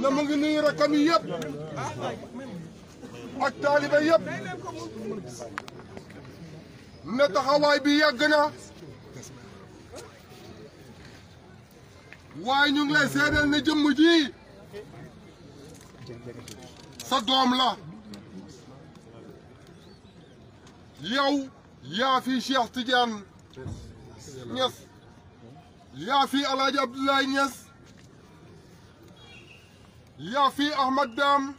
na mu ngi nuyu rakkam yi ak taaliba yëpp ne taxawaay bi yàgg na waaye ñu ngi lay seedeel ne jëmm sa doom la yow yaa fi Cheikh Tidiane Niass yaa fi El Hadj Abdoulaye yaa fi Ahmad Dam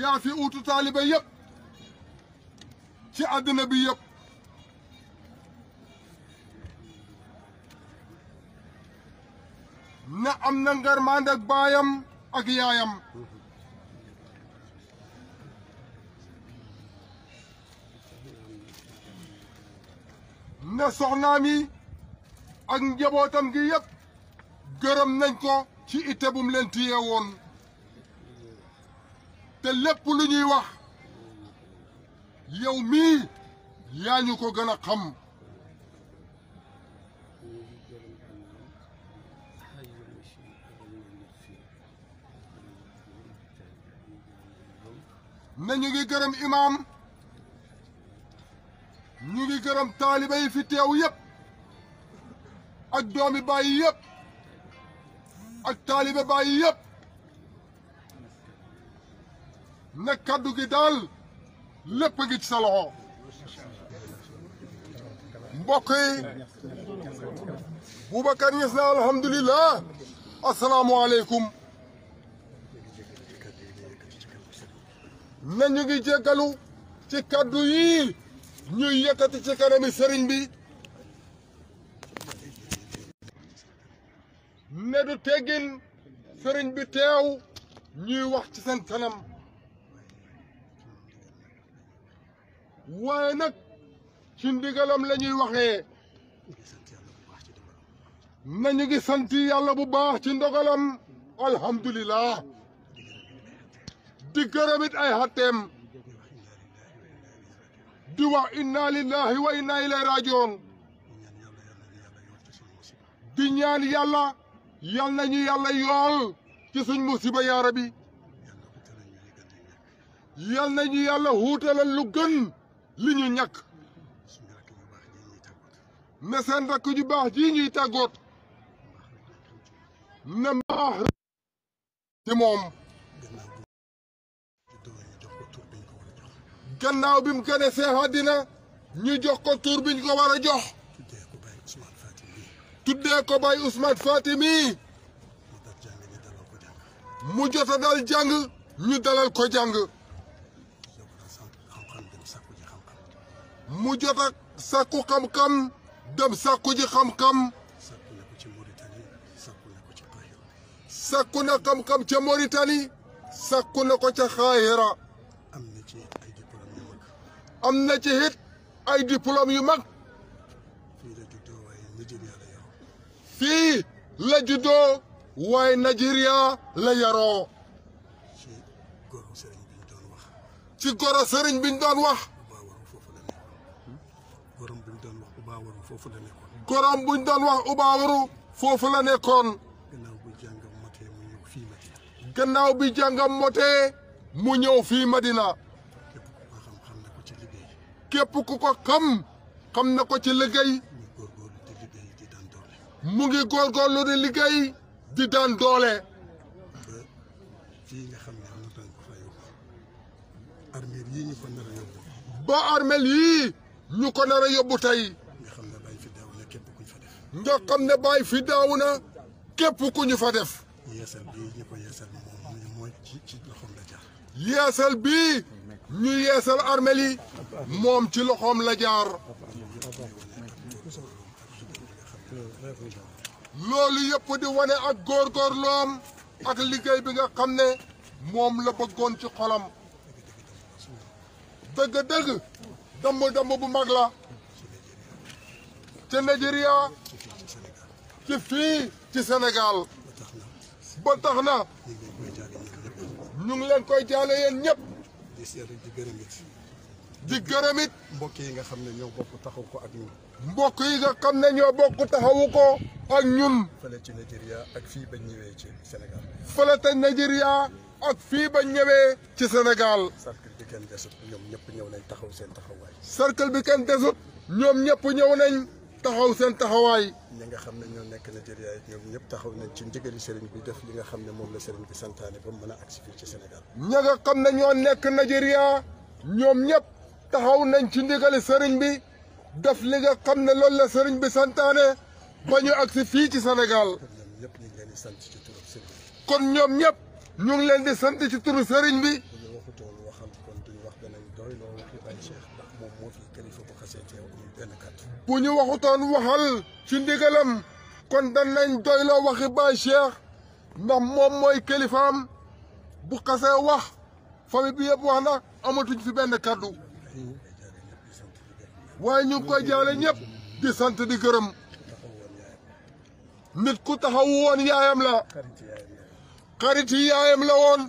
yaa fi uutu taaliba ci àddina bi yëpp na am na ngarmande baayam ak na soxnaam ak njabotam gi yeb geureum nañ ko ci ite bu mu tiyé won te lépp lu ñuy wax yow mi yañu ko gëna xam na ñu ngi gërëm imaam ñu ngi gërëm talibay fi teew yëpp الدومي بايب التالي بايب نكادو جدال لبقيت صلاه بقي بوبكر يسنا الحمد لله السلام عليكم نانيو جيكالو تي يي ني يكاتي تي كانامي بي ne du teggin sëriñ bi teew ñuy wax ci seen kanam waaye nag ci ndigalam la ñuy waxee nañu ngi sant yàlla bu baax ci ndogalam alhamdulilah di gërëm it ay xatteem di wax inna lillahi wa inna ilay rajoon di ñaan yàlla yal nañu yàlla yool ci suñ musiba yaa rabbi yal nañu yàlla wuutalal lu gën li ñu ñakk ne seen rakk ju baax ji ñuy tàggoot ne maax ci moom gannaaw bi mu gane see àddina ñu jox ko tuur biñ ko war a jox tuddee ko bay Ousmane Fatimi mu jot a dal jàng ñu dalal ko jàng mu jot a sàkku xam-xam dem sàkku ji xam-xam sàkku na xam-xam ca Mauritanie sàkku na ko ca Xaahira am na ci it ay diplôme yu mag Si la judo way Nigeria la yaro ci goro sëriñ biñ doon wax. gorom bu ñu doon wax ubaawaru foofu la gorom doon wax la nekkon gannaaw bi jangam moté mu ñew fi Madina. kep ku ko xam xam na ko ci liggey kep ku ko xam xam na ko ci liggey mu ngi góorgóorlu di liggéey di daan doole. fii nga xam ne am na tànk ñu ko ba armeel yii ñu ko nar yóbbu tey. nga xam ne bàyyi fi na képp ku ñu fa def. nga xam ne bàyyi fi daaw na képp ku ñu fa def. yeesal bii ñu ko yeesal moom mooy ci ci loxoom la jaar. yeesal bii ñu yeesal armeel yi moom ci loxoom la loolu yëpp di wane ak góorgóorloom ak liggéey bi nga xam ne moom la bëggoon ci xolam dëgg-dëgg damb-damb bu mag la ca Nigeria ci fii ci senegal ba tax na ñu leen koy jaale yéen ñëpp di gërëm it mbokk yi nga xam ne ñoo bokk taxaw ko ak ñun mbokk yi nga xam ne ñoo bokk taxawu ko ak ñun fële ci Nigeria ak fii bañ ñëwee ci Sénégal fële te Nigeria ak fii ba ñëwee ci Sénégal cercle bi kenn desut ñoom ñëpp ñëw nañ taxaw seen taxawaay cercle bi kenn desut ñoom ñëpp ñëw nañ taxaw seen taxawaay ñi nga xam ne ñoo nekk Nigeria yi ñëpp taxaw nañ ci ndigali sëriñ bi def li nga xam ne moom la sëriñ bi santaane ba mu fii ci Sénégal ñi nga xam ne ñoo nekk Nigeria ñoom ñëpp taxaw nañ ci ndigali sëriñ bi def li nga xam ne loolu la sëriñ bi santaane ba ñu agsi fii ci Sénégal kon ñoom ñëpp ñu ngi leen di sant ci turu sëriñ bi bu ñu waxutoon waxal ci ndigalam kon danañ doyloo waxi Baay Cheikh ndax moom mooy kilifaam bu xasee wax famille bi yëpp wax na amatuñ fi benn kàddu waaye ñu ko koy jaale ñëpp di sant di gërëm nit ku taxaw woon yaayam la xarit yi yaayam la woon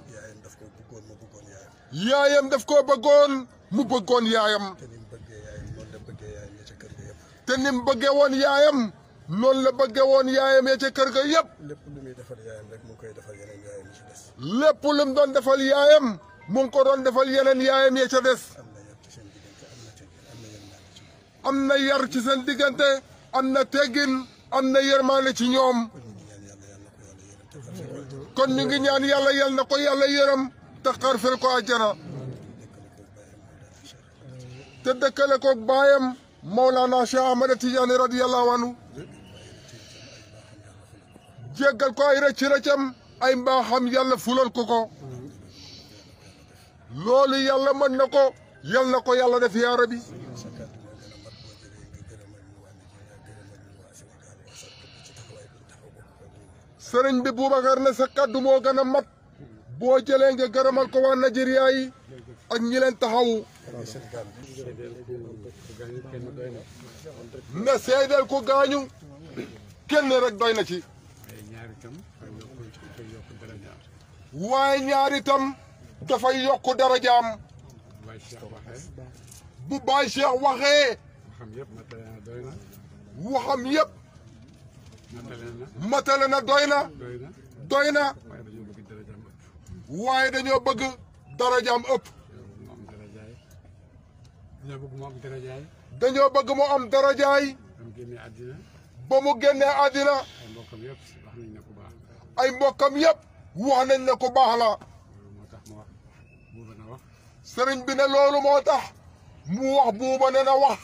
yaayam daf koo bëggoon mu bëggoon yaayam te ni mu bëggee woon yaayam noonu la bëggee woon yaayam ya ca kër ga yëpp lépp lu muy defal yaayam rek mu koy defal yeneen yaayam ya ca doon defal yaayam mu ko doon defal yeneen yaayam ya ca des am na yar ci seen diggante am na teggin am na yërmaane ci ñoom kon ñu ngi ñaan yàlla yal na ko yàlla yërëm te xarfel ko àjjana te dëkkale ko baayam Mawlana Cheikh Ahmada Tidiane radiyallahu anhu jéggal ko ay rëcc rëccam ay mbaaxam yàlla fulal ko ko loolu yàlla mën na ko yal ko yàlla def yaa sëriñ bi Boubacar ne sa kàddu moo gën a mat boo jëlee nga gërëmal ko waa Nigeria yi ak ñi leen taxawu ne seedeel ko gaañu kenn rek doy na ci waaye ñaari tam dafay yokk darajaam bu Baay Cheikh waxee waxam yëpp matale na doy na doy na waaye dañoo bëgg darajaam ëpp dañoo bëgg mu am darajaay ba mu génnee àddina ay mbokkam yëpp wax nañ ne ku baax la sëriñ bi ne loolu moo tax mu wax buuba ne na wax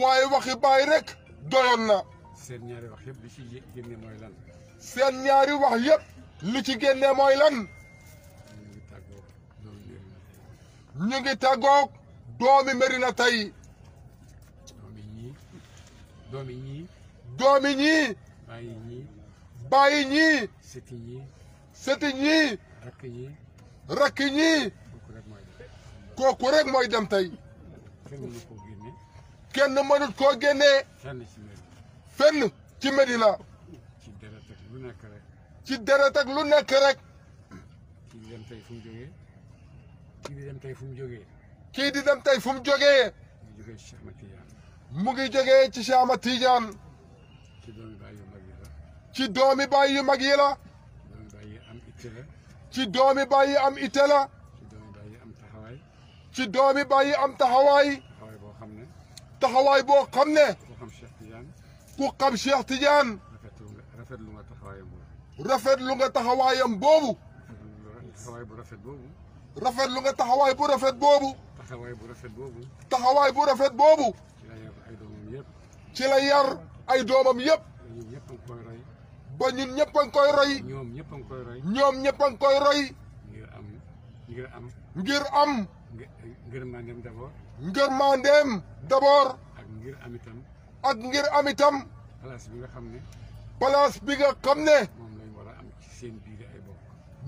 waaye waxi baay rek doyoon na seen ñaari wax yëpp li ci génne mooy seen ñaari wax yëpp li ci génne mooy lan. ñu ngi tàggoog doomi Medina tey. doomi ñii. doomi doomi ñii. bàyyi ñii. bàyyi ñii. sëti ñii. sëti ñii. rakk ñii. rakk ñii. kooku rek mooy dem tey. kenn mënut koo génne. fenn ci Medina ci deret ak lu nekk rek. ci deret ak lu nekk rek. kii di dem tey fu mu jógee. kii di dem tey fu mu jógee. kii di dem tey fu mu jógee. mu ngi jógee ci Cheikh Ahmad Tidiane. mu ngi jógee ci Cheikh Ahmad Tidiane. ci doomi baay yu mag yi la. ci doomi baay yu mag yi la. ci doomi baay yi am itte la. ci doomi baay yi am taxawaay. ci doomi baay yi am taxawaay. taxawaay boo xam ne. taxawaay boo xam ne. kukam Cheikh Tidiane. rafetlu nga taxawaayam boobu. rafetlu nga taxawayam bobu taxawaay bu rafet boobu. rafetlu nga taxaway bu rafet bobu taxaway bu rafet bobu taxaway bu rafet bobu ci la yar ay doomam yépp. ba ñun ñepp a koy roy. ñom ñepp a koy roy. ñom ñepp a koy roy. ngir am ngir am. ngir am. ngërmandeem d'abord. ngërmandeem d'abord. ak ngir am itam. ak ngir am itam. place bi nga xam ne. place bi nga xam ne. moom la ñu a am ci seen biiri ay bokk.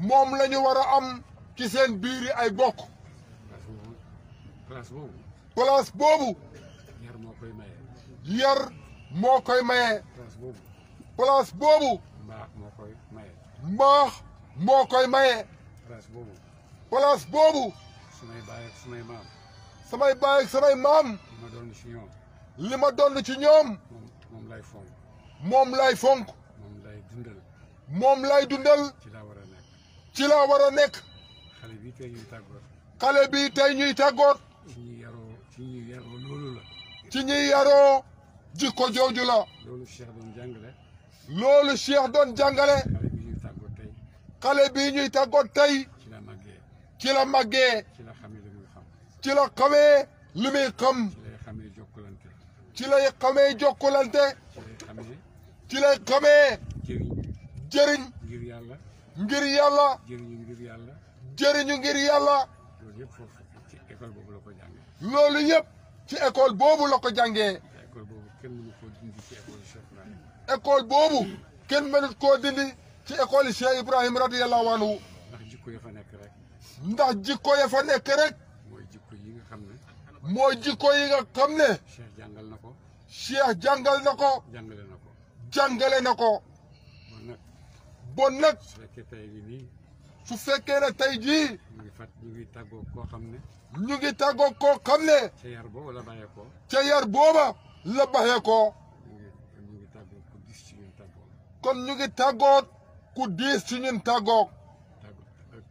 moom la ñu war a am ci seen biiri ay bokk. place boobu. place boobu. yar moo koy maye. yar moo koy maye. place boobu. place boobu. mbaax maye. boobu. place boobu. samay baay samay maam. samay baay samay maam. li ma doon li ma doon ci ñoom. moom lay fonk. moom lay fonk. moom lay dundal. moom lay dundal. ci laa war a nekk. ci la war a nekk. xale bii tey ñuy tàggoot. xale bii tey ñuy ci ñuy yaroo ci ñuy yaroo loolu ci ñuy yaroo jikko jooju la. loolu Cheikh doon jàngale. loolu Cheikh doon jàngale. xale bii ñuy tàggoot bii ñuy tàggoot tey. ci la ci la màggee. ci la xamee li muy xam. ci la xamee li muy xam. ci lay xamee jokkulante ci lay xamee jëriñ ngir yàlla ngir yàlla jëriñu ngir yàlla jëriñu ngir yàlla loolu yëpp foofu ci école boobu la ko jàngee loolu ci école boobu la ko jàngee école boobu kenn mënu koo dindi ci école Cheikh Ibrahim école boobu kenn mënut koo dindi ci école Cheikh Ibrahim radiyallahu anhu ndax jikko ya fa nekk rek ndax jikko ya fa nekk rek mooy jikko nga xam ne ne Cheikh jàngal na ko. jàngale na ko. jàngale na ko. bon nag. bon nag. fekkee tey tey jii. ñu ngi ngi tàggoo koo xam ne. ñu tàggoo koo xam ne. ca booba la bàyyee ngi tàggoo kon ñu ngi tàggoo ku diis ci ñun tàggoo.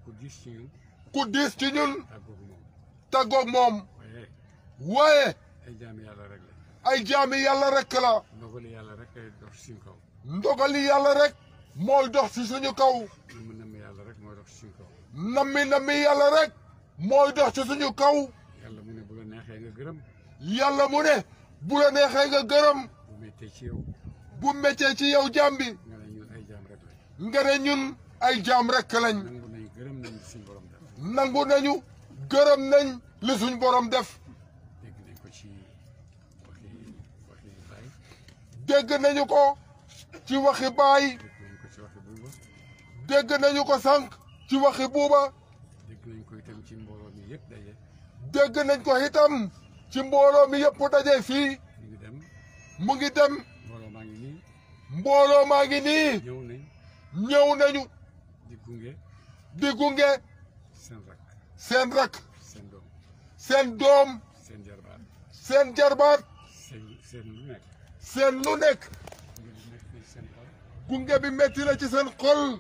ku diis ci ñun. ku diis ci ñun. tàggoog moom. tàggoog waaye. ay jaami yàlla rek la. ndogali yàlla rek ay dox ci suñu kaw. ndogali yàlla rek mooy dox ci suñu kaw. nammi nammi yàlla rek mooy dox ci kaw. nammi nammi yàlla rek mooy dox ci suñu kaw. yàlla mu ne bu la neexee nga gërëm. yàlla mu ne bu la neexee nga gërëm. bu méttee ci yow. bu méttee ci yow jaam bi. nga ne ñun ay jaam rek lañ. nangu nañu gërëm nañ suñu borom def. nangu nañu gërëm nañ li suñu borom def. dégg nañu ko ci waxi baay dégg nañu ko sànq ci waxi buuba dégg nañ ko itam ci mbooloo mi yëpp daje nañ ko itam ci mbooloo mi yëpp daje fii mu ngi dem mbooloo maa ngi nii ñëw nañu di gunge di gunge seen rak seen rak seen doom seen doom seen jarbaat seen jarbaat seen lu nekk. seen lu nekk. gunge bi métti na ci seen xol.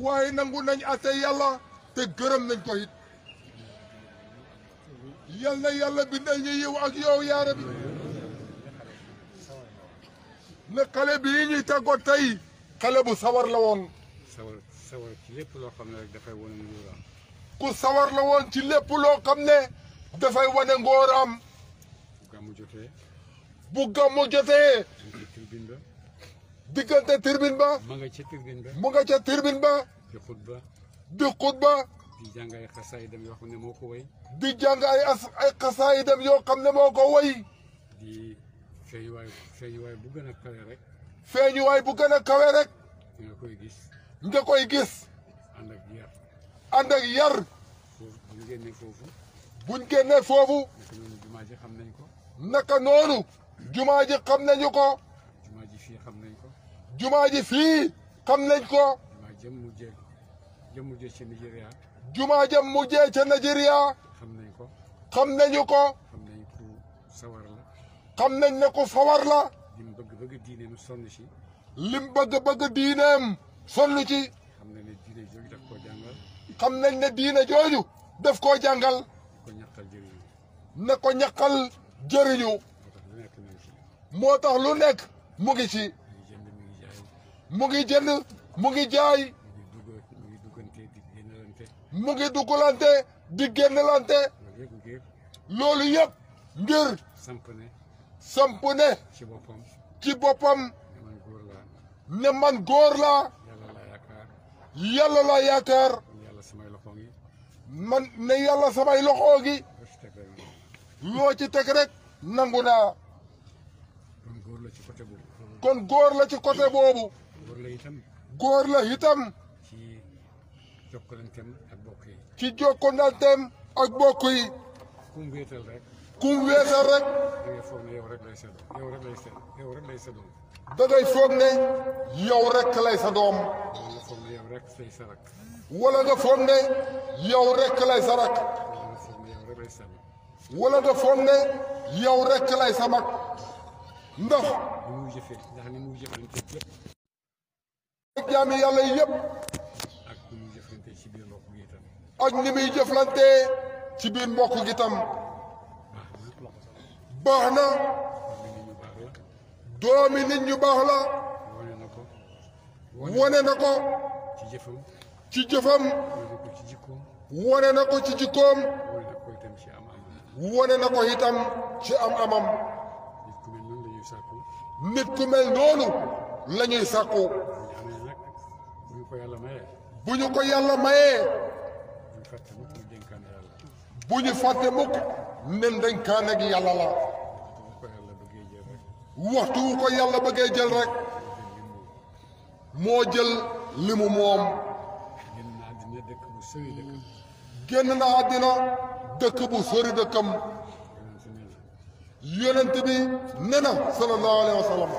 waaye nangu nañ àtte yàlla te gërëm nañ koy it. yal na yàlla bindal yiw ak yow yaara bi. ne xale bii ñuy tàggoo tey xale bu sawar la woon. ci lépp loo xam ne ku sawar la woon ci lépp loo xam ne dafay wane ngóoraam. gàmmu jotee. bu gàmmu jotee. diggante turbine ba. ma nga ca turbine ba. mu nga ca turbine ba. di xutba. di xutba. di jàng ay xasaayidam yoo xam ne moo ko way. di jàng ay as ay xasaayidam yoo xam ne moo ko way. di feeñuwaay feeñuwaay bu gën kawe rek. feeñuwaay bu gën a kawe rek. nga koy gis. nga koy gis. ànd ak yar. ànd ak yar. buñ génnee foofu. buñ génnee foofu. jumaa ji xam nañ ko. naka noonu. jumaa ji xam nañu ko. jumaa ji fii xam nañ ko. jumaa ji fii xam nañ ko. jumaa jëm mujjee jëm mujjee ca Nigeria. jumaa jëm mujjee ca Nigeria. xam nañ ko. xam nañu ko. xam nañ ku sawar xam nañ ne ku sawar la. lim bëgg bëgg diineem sonn ci. lim bëgg bëgg diineem sonn ci. xam nañ ne diine jooju daf ko jàngal. xam nañ ne diine jooju daf koo jàngal. na ko ñaqal jëriñu. na jëriñu moo tax lu nekk mu ngi ci mu ngi jënd mu ngi jaay mu ngi duggalante di génnlante loolu yëpp ngir samp ne ci boppam ne man góor laa yàlla laa yaakaar man ne yàlla samay loxoo loo ci teg rek nangu naa. kon góor la ci côté boobu. kon góor la ci côté boobu. góor la góor la itam. ci jokkalanteem ak bokk yi. ci jokkalanteem ak bokk yi. kum wéetal rek. kum wéetal foog ne yow rek lay sa doom yow da foog ne yow rek lay sa wala da foog ne yow rekk lay sa ndax. li muy jëfee ndax li muy jëflante yëpp. ak jaami yàlla yëpp. ak ci biir mbokk gi tam. ci biir mbokk gi tam. baax na. doomi nit baax la. wane na na ko. ci jëfam. ci jëfam. na ko ci jikkoom. wone na ko itam ci am amam nit ku mel noonu la ñuy sàkku bu ñu ko yàlla mayee bu ñu ko yàlla mayee bu ñu fàtte mukk ne gi yàlla la waxtu wu ko yàlla bëggee jël rek moo jël li mu moom na àddina dëkk bu sori dëkkam yonent bi nee na sallallahu alayhi wa sallam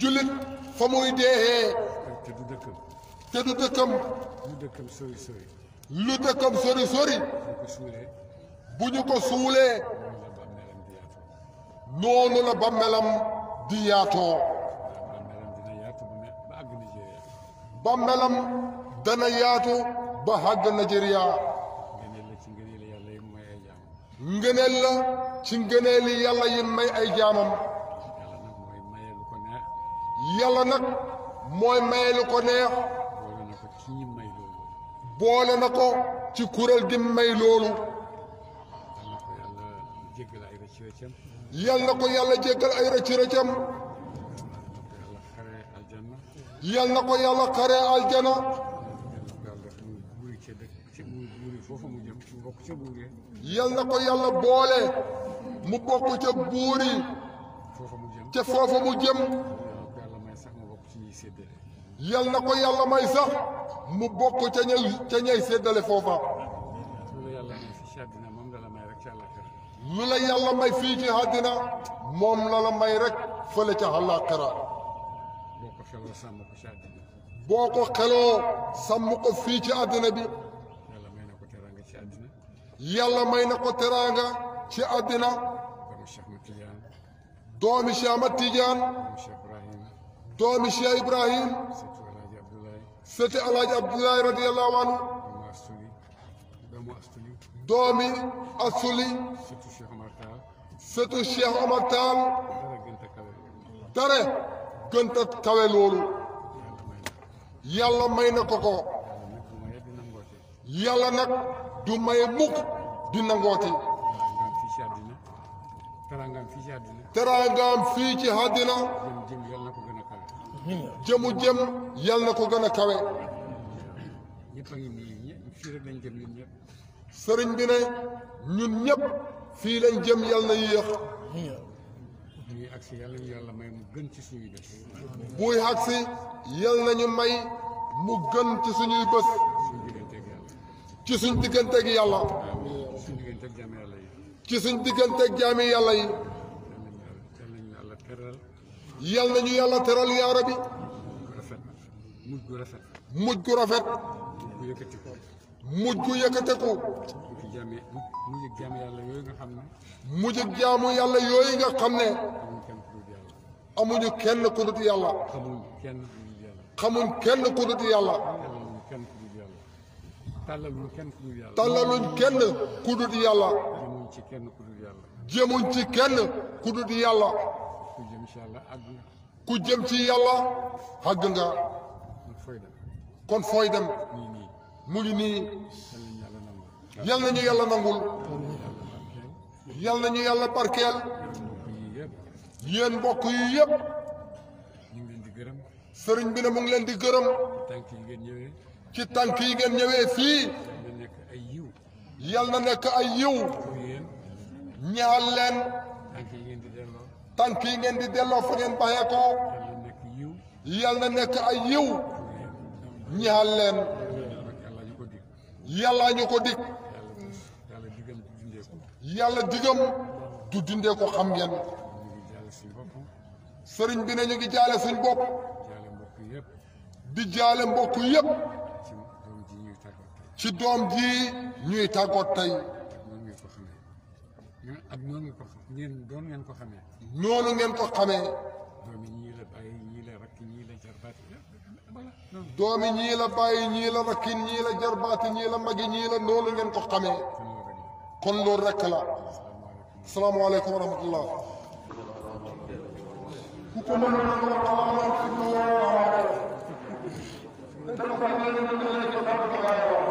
jullit fa muy deexee te du dëkkam te du dëkkam lu dëkkam sori sori lu dëkkam sori sori bu ñu ko suulee noonu la bàmmeelam di yaatoo bàmmeelam dana yaatu ba àgg Nigeria ngëneel la ci ngëneel yi yàlla yi may ay jaamam yàlla nag mooy maye lu ko neex boole na ko ci kuréel gi may loolu yal na ko yàlla jéggal ay rëcc rëccam yal na ko yàlla xare aljana yal na ko yàlla boole mu bokk ca buur yi ca foofa mu jëm yal na ko yàlla may sax mu bokk ca ñay ca ñay séddale foofa lu la yàlla may fii ci àddina moom la la may rek fële ca àllaaxira boo ko xeloo sàmm ko fii ci àddina bi yàlla may na ko ci àddina doomi Cheikh Ahmad Tidiane doomi Cheikh Ibrahim sëti Alaaji Abdoulaye radiyallahu anhu doomi Asuli sëtu Cheikh Omar Taal dare gënta kawe loolu may na ko ko yàlla du maye mukk di nangooti Terangam fii ci àddina teraangaam fii ci àddina jëm yal na ko gën a kawe jëmu jëm yal na ko gën sëriñ bi ne ñun ñëpp fii lañ jëm yal na yéex buy agsi yal nañu yàlla may mu gën ci suñuy bés buy agsi yal nañu may mu gën ci suñuy bés ci suñ digganteeg yàlla ci suñ digganteeg jaami yàlla yi yal nañu yàlla teral yaa rabbi mujj gu rafet mujj gu rafet mujj gu yëkkateku mujj jaamu yàlla yooyu nga xam ne mujj jaamu yàlla yooyu nga xam ne amuñu kenn ku dut yàlla xamuñ kenn ku dut yàlla tàllaluñ kenn ku dul yàlla. tàllaluñ ku dul yàlla. ci kenn ku dul yàlla. kenn ku dul yàlla. ku jëm ci yàlla àgg nga. jëm ci yàlla àgg kon fooy dem. kon fooy dem. yàlla nangul. yal nañu yàlla barkeel. yéen mbokk yi yëpp. ngi leen di gërëm. sëriñ bi na mu ngi leen di gërëm. ci yi ngeen ci tànk yi ngeen ñëwee fii yal na nekk ay yiw ñaal leen tànk yi ngeen di delloo fa ngeen bàyyee ko yal na nekk ay yiw ñaal leen yàllaa ñu ko dig yàlla digam du dindee ko xam ngeen sëriñ bi ne ñu ngi jaale suñ bopp di jaale mbokk yépp ci doom ji ñuy tàggoot tey. ak noonu ngeen ko xamee. noonu ngeen ko xamee. noonu ngeen ko xamee. doomi ñii la bàyyi ñii la rakk ñii la jarbaati. doomi ñii la bàyyi ñii la rakk ñii la jarbaati ñii la magi ñii la noonu ngeen ko xamee. kon loolu rek la. salaamaaleykum wa rahmatullah. ku ko mën a ko dama ko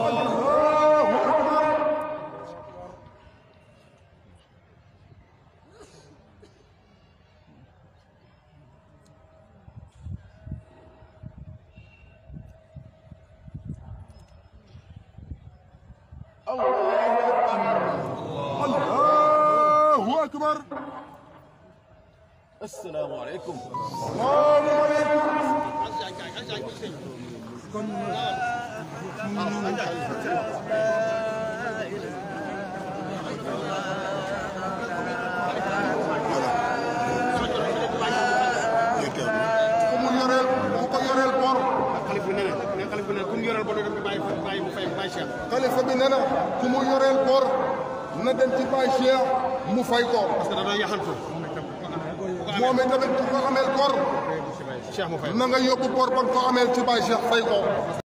bi nee na ku mu yoreel koor na dem ci Baye Cheikh mu fay ko. parce que da doon yaxantu. moom itamit ku ko na nga yóbbu koor ba nga ko ameel ci Baye Cheikh fay ko.